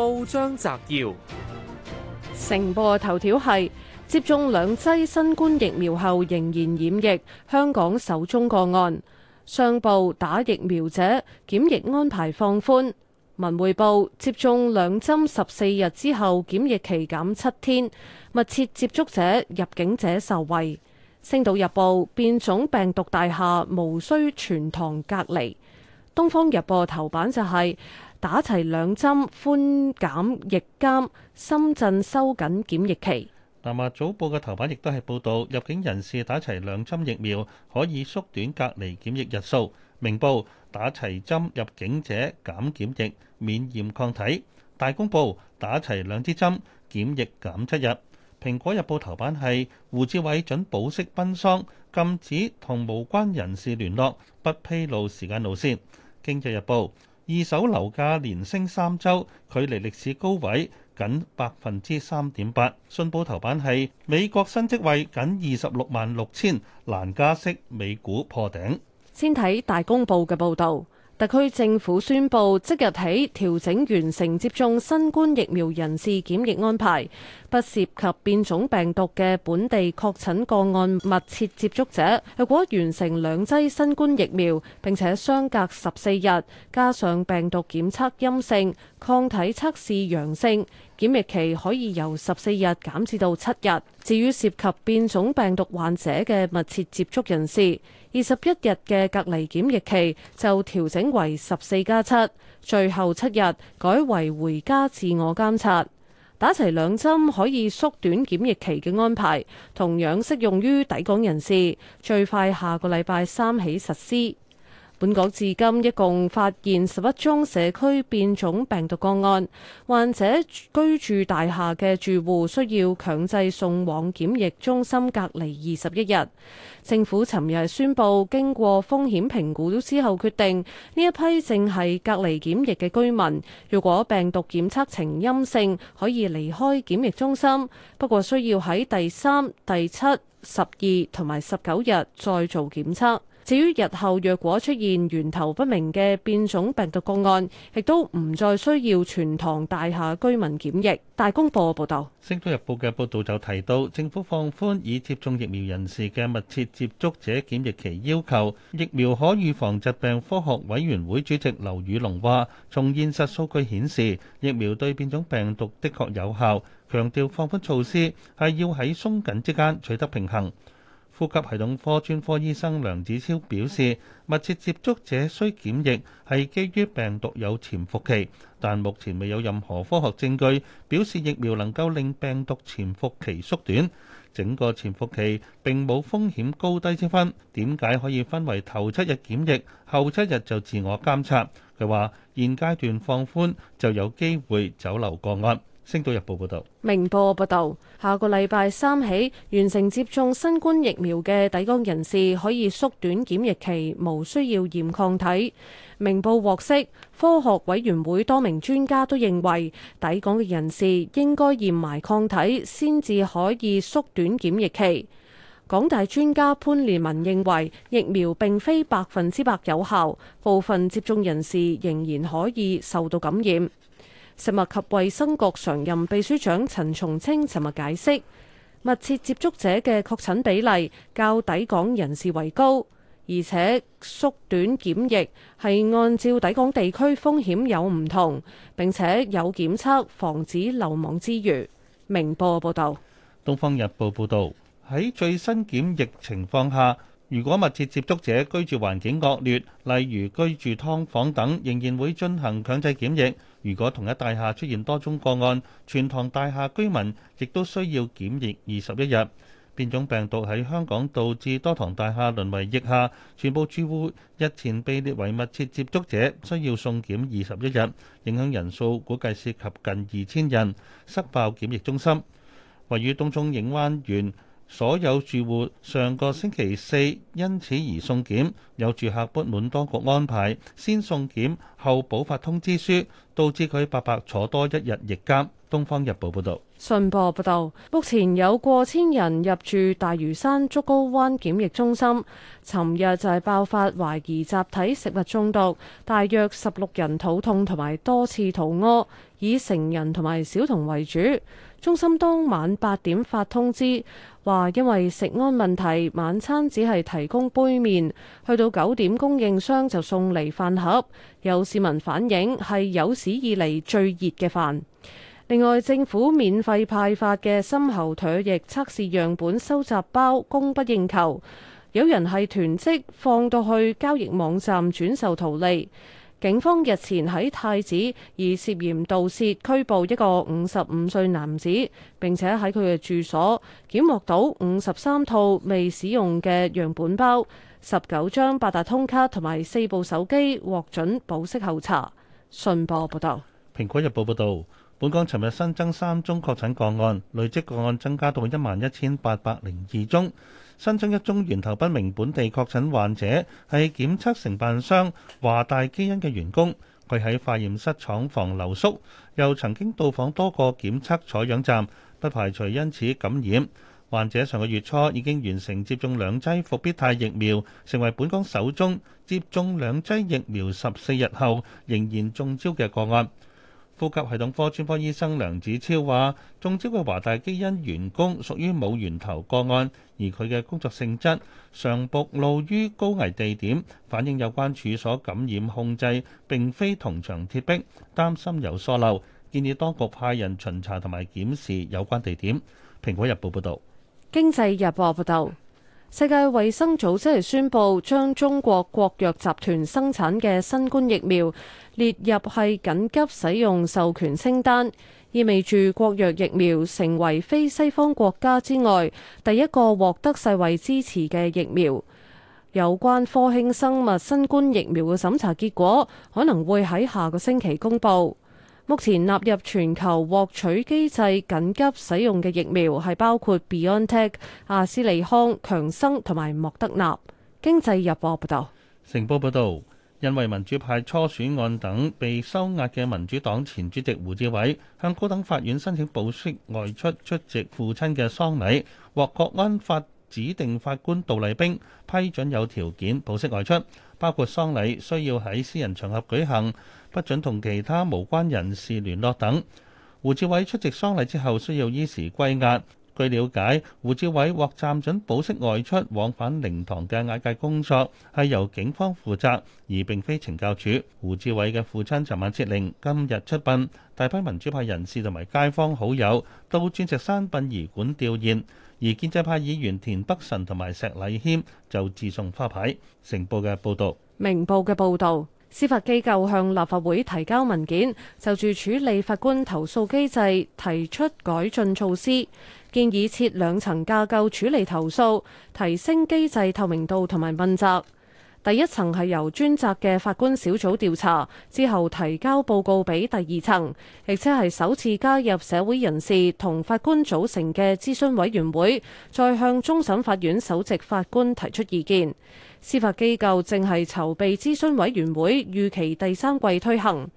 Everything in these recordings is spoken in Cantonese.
報章摘要：成報頭條係接種兩劑新冠疫苗後仍然染疫，香港首宗個案。上報打疫苗者檢疫安排放寬。文匯報接種兩針十四日之後檢疫期減七天。密切接觸者入境者受惠。星島日報變種病毒大廈無需全堂隔離。東方日報頭版就係、是。打齊兩針寬減疫監，深圳收緊檢疫期。南華早報嘅頭版亦都係報導，入境人士打齊兩針疫苗可以縮短隔離檢疫日數。明報打齊針入境者減檢疫免驗抗體。大公報打齊兩支針檢疫減七日。蘋果日報頭版係胡志偉準保釋，奔喪禁止同無關人士聯絡，不披露時間路線。經濟日，日報。二手樓價連升三周，距離歷史高位僅百分之三點八。信報頭版係美國新職位僅二十六萬六千，難加息，美股破頂。先睇大公報嘅報導。特區政府宣布，即日起調整完成接種新冠疫苗人士檢疫安排。不涉及變種病毒嘅本地確診個案密切接觸者，若果完成兩劑新冠疫苗並且相隔十四日，加上病毒檢測陰性、抗體測試陽性。檢疫期可以由十四日減至到七日。至於涉及變種病毒患者嘅密切接觸人士，二十一日嘅隔離檢疫期就調整為十四加七，7，最後七日改為回家自我監察。打齊兩針可以縮短檢疫期嘅安排，同樣適用於抵港人士，最快下個禮拜三起實施。本港至今一共發現十一宗社區變種病毒個案，患者居住大廈嘅住戶需要強制送往檢疫中心隔離二十一日。政府尋日宣布，經過風險評估之後決定呢一批正係隔離檢疫嘅居民，如果病毒檢測呈陰性，可以離開檢疫中心，不過需要喺第三、第七、十二同埋十九日再做檢測。至於日後若果出現源頭不明嘅變種病毒個案，亦都唔再需要全幢大廈居民檢疫。大公報嘅報導，《星島日報》嘅報導就提到，政府放寬已接種疫苗人士嘅密切接觸者檢疫期要求。疫苗可預防疾病科學委員會主席劉宇隆話，從現實數據顯示，疫苗對變種病毒的確有效。強調放寬措施係要喺鬆緊之間取得平衡。呼吸系統科專科醫生梁子超表示，密切接觸者需檢疫係基於病毒有潛伏期，但目前未有任何科學證據表示疫苗能夠令病毒潛伏期縮短。整個潛伏期並冇風險高低之分，點解可以分為頭七日檢疫，後七日就自我監察？佢話現階段放寬就有機會走漏個案。星島日報報道，明報報道，下個禮拜三起，完成接種新冠疫苗嘅抵港人士可以縮短檢疫期，無需要驗抗體。明報獲悉，科學委員會多名專家都認為，抵港嘅人士應該驗埋抗體，先至可以縮短檢疫期。港大專家潘連文認為，疫苗並非百分之百有效，部分接種人士仍然可以受到感染。食物及衞生局常任秘書長陳松青尋日解釋，密切接觸者嘅確診比例較抵港人士為高，而且縮短檢疫係按照抵港地區風險有唔同，並且有檢測防止漏網之魚。明報報導，《東方日報》報導，喺最新檢疫情況下，如果密切接觸者居住環境惡劣，例如居住劏房等，仍然會進行強制檢疫。如果同一大廈出現多宗個案，全幢大廈居民亦都需要檢疫二十一日。變種病毒喺香港導致多幢大廈淪為疫廈，全部住戶日前被列為密切接觸者，需要送檢二十一日。影響人數估計涉及近二千人，失爆檢疫中心。位於東涌映灣園所有住戶上個星期四因此而送檢，有住客不滿當局安排先送檢，後補發通知書，導致佢白白坐多一日役監。《東方日報》報導，《信報》報道，目前有過千人入住大嶼山竹篙灣檢疫中心。尋日就係爆發懷疑集體食物中毒，大約十六人肚痛同埋多次肚屙，以成人同埋小童為主。中心當晚八點發通知，話因為食安問題，晚餐只係提供杯麵，去到九點供應商就送嚟飯盒。有市民反映，係有史以嚟最熱嘅飯。另外，政府免費派發嘅深喉唾液測試樣本收集包供不應求，有人係囤積放到去交易網站轉售圖利。警方日前喺太子以涉嫌盜竊拘捕一個五十五歲男子，並且喺佢嘅住所檢獲到五十三套未使用嘅樣本包。十九張八達通卡同埋四部手機獲准保釋候查。信報報道：「蘋果日報報道，本港尋日新增三宗確診個案，累積個案增加到一萬一千八百零二宗。新增一宗源頭不明本地確診患者係檢測承辦商華大基因嘅員工，佢喺化驗室廠房留宿，又曾經到訪多個檢測採樣站，不排除因此感染。患者上個月初已經完成接種兩劑復必泰疫苗，成為本港首宗接種兩劑疫苗十四日後仍然中招嘅個案。呼吸系統科專科醫生梁子超話，中招嘅華大基因員工屬於冇源頭個案，而佢嘅工作性質常暴露於高危地點，反映有關處所感染控制並非銅牆鐵壁，擔心有疏漏，建議當局派人巡查同埋檢視有關地點。《蘋果日報》報導。經濟日報報道，世界衛生組織係宣布將中國國藥集團生產嘅新冠疫苗列入係緊急使用授權清單，意味住國藥疫苗成為非西方國家之外第一個獲得世衛支持嘅疫苗。有關科興生物新冠疫苗嘅審查結果可能會喺下個星期公布。目前納入全球獲取機制緊急使用嘅疫苗係包括 BioNTech、阿斯利康、強生同埋莫德納。經濟日報報道，成報報道，因為民主派初選案等被收押嘅民主黨前主席胡志偉向高等法院申請保釋外出出席父親嘅喪禮，獲國安法指定法官杜麗冰批准有條件保釋外出，包括喪禮需要喺私人場合舉行，不准同其他無關人士聯絡等。胡志偉出席喪禮之後需要依時歸押。據了解，胡志偉獲暫准保釋外出往返靈堂嘅押解工作係由警方負責，而並非懲教署。胡志偉嘅父親尋晚設靈今日出殯，大批民主派人士同埋街坊好友到鑽石山殯儀館吊唁。而建制派議員田北辰同埋石禮謙就自送花牌，成報嘅報導，明報嘅報導，司法機構向立法會提交文件，就住處理法官投訴機制提出改進措施，建議設兩層架構處理投訴，提升機制透明度同埋問責。第一層係由專責嘅法官小組調查，之後提交報告俾第二層，亦即係首次加入社會人士同法官組成嘅諮詢委員會，再向終審法院首席法官提出意見。司法機構正喺籌備諮詢委員會，預期第三季推行。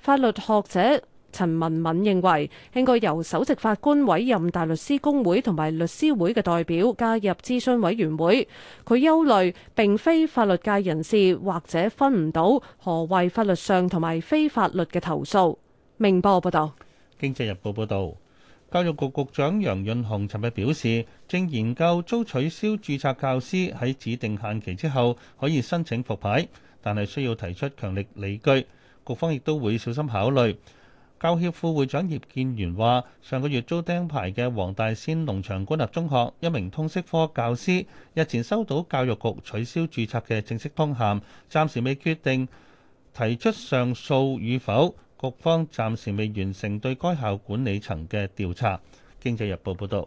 法律學者陳文敏認為應該由首席法官委任大律師公會同埋律師會嘅代表加入諮詢委員會。佢憂慮，並非法律界人士或者分唔到何謂法律上同埋非法律嘅投訴。明報報道，《經濟日報》報道，教育局局長楊潤雄尋日表示，正研究遭取消注冊教師喺指定限期之後可以申請復牌，但係需要提出強力理據，局方亦都會小心考慮。教協副會長葉建源話：上個月租釘牌嘅黃大仙農場管立中學一名通識科教師日前收到教育局取消註冊嘅正式通函，暫時未決定提出上訴與否。局方暫時未完成對該校管理層嘅調查。經濟日報報道：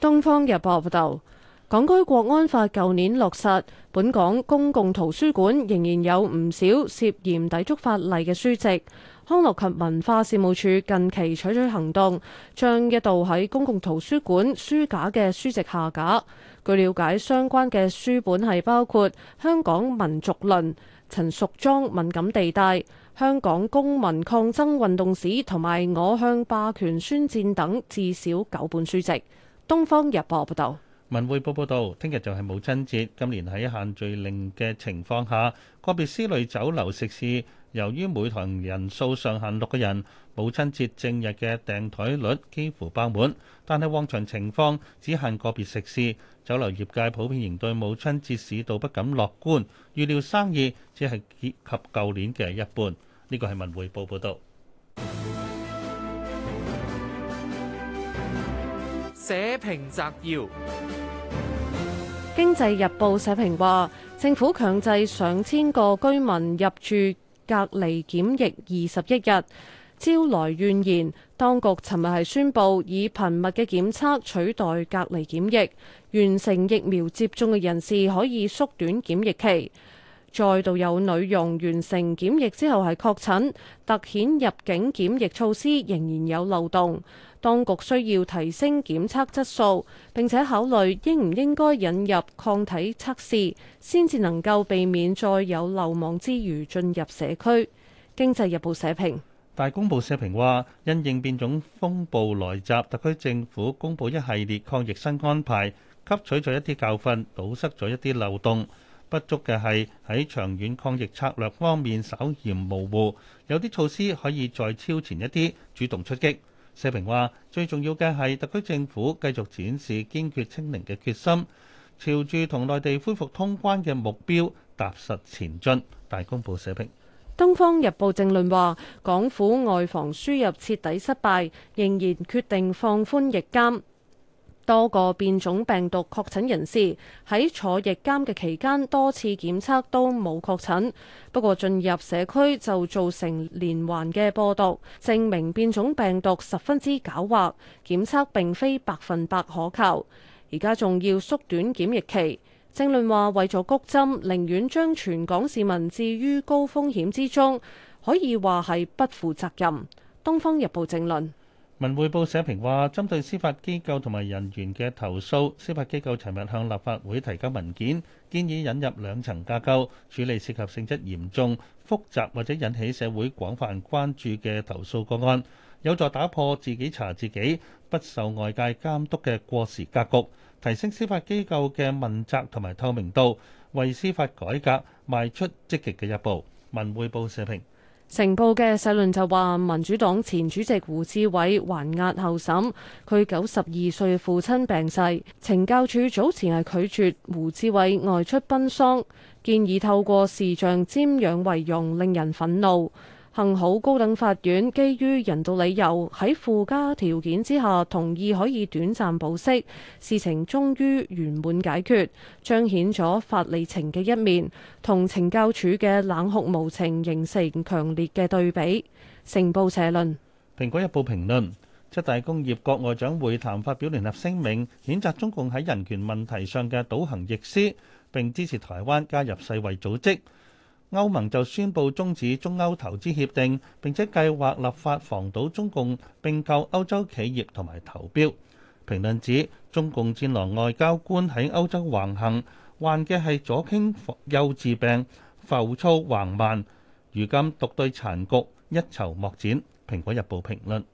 東方日報報道，港區國安法舊年落實，本港公共圖書館仍然有唔少涉嫌抵觸法例嘅書籍。康樂及文化事務署近期採取，取行動，將一度喺公共圖書館書架嘅書籍下架。據了解，相關嘅書本係包括《香港民族論》、《陳淑莊敏感地帶》、《香港公民抗爭運動史》同埋《我向霸權宣戰》等至少九本書籍。東方日報報道，文匯報報道，聽日就係母親節，今年喺限聚令嘅情況下，個別私類酒樓食肆。由於每枱人數上限六個人，母親節正日嘅訂枱率幾乎爆滿，但係旺場情況只限個別食肆。酒樓業界普遍仍對母親節市道不敢樂觀，預料生意只係及舊年嘅一半。呢個係文匯報報導。社評摘要，《經濟日報》社評話：政府強制上千個居民入住。隔離檢疫二十一日，招來怨言。當局尋日係宣布以頻密嘅檢測取代隔離檢疫，完成疫苗接種嘅人士可以縮短檢疫期。再度有女傭完成檢疫之後係確診，突顯入境檢疫措施仍然有漏洞。當局需要提升檢測質素，並且考慮應唔應該引入抗體測試，先至能夠避免再有漏網之魚進入社區。經濟日報社評。大公報社評話，因應變種風暴來襲，特區政府公布一系列抗疫新安排，吸取咗一啲教訓，堵塞咗一啲漏洞。不足嘅係，喺長遠抗疫策略方面稍嫌模糊，有啲措施可以再超前一啲，主動出擊。社評話：最重要嘅係特區政府繼續展示堅決清零嘅決心，朝住同內地恢復通關嘅目標踏實前進。大公報社評，《東方日報》正論話：港府外防輸入徹底失敗，仍然決定放寬疫監。多個變種病毒確診人士喺坐疫監嘅期間，多次檢測都冇確診，不過進入社區就造成連環嘅播毒，證明變種病毒十分之狡猾，檢測並非百分百可靠。而家仲要縮短檢疫期，政論話為咗谷針，寧願將全港市民置於高風險之中，可以話係不負責任。《東方日報》政論。文匯報社評話，針對司法機構同埋人員嘅投訴，司法機構尋日向立法會提交文件，建議引入兩層架構，處理涉及性質嚴重、複雜或者引起社會廣泛關注嘅投訴個案，有助打破自己查自己、不受外界監督嘅過時格局，提升司法機構嘅問責同埋透明度，為司法改革邁出積極嘅一步。文匯報社評。成報嘅社論就話，民主黨前主席胡志偉還押候審，佢九十二歲父親病逝，懲教署早前係拒絕胡志偉外出奔喪，建議透過視像瞻仰遺容，令人憤怒。幸好高等法院基於人道理由，喺附加條件之下同意可以短暫保釋，事情終於圓滿解決，彰顯咗法理情嘅一面，同懲教署嘅冷酷無情形成強烈嘅對比。成報社論。蘋果日報評論七大工業國外長會談發表聯合聲明，譴責中共喺人權問題上嘅倒行逆施，並支持台灣加入世衛組織。歐盟就宣布中止中歐投資協定，並且計劃立法防堵中共並購歐洲企業同埋投標。評論指中共戰狼外交官喺歐洲橫行，患嘅係左傾幼稚病，浮躁橫蠻。如今獨對殘局，一籌莫展。《蘋果日報評論》評論。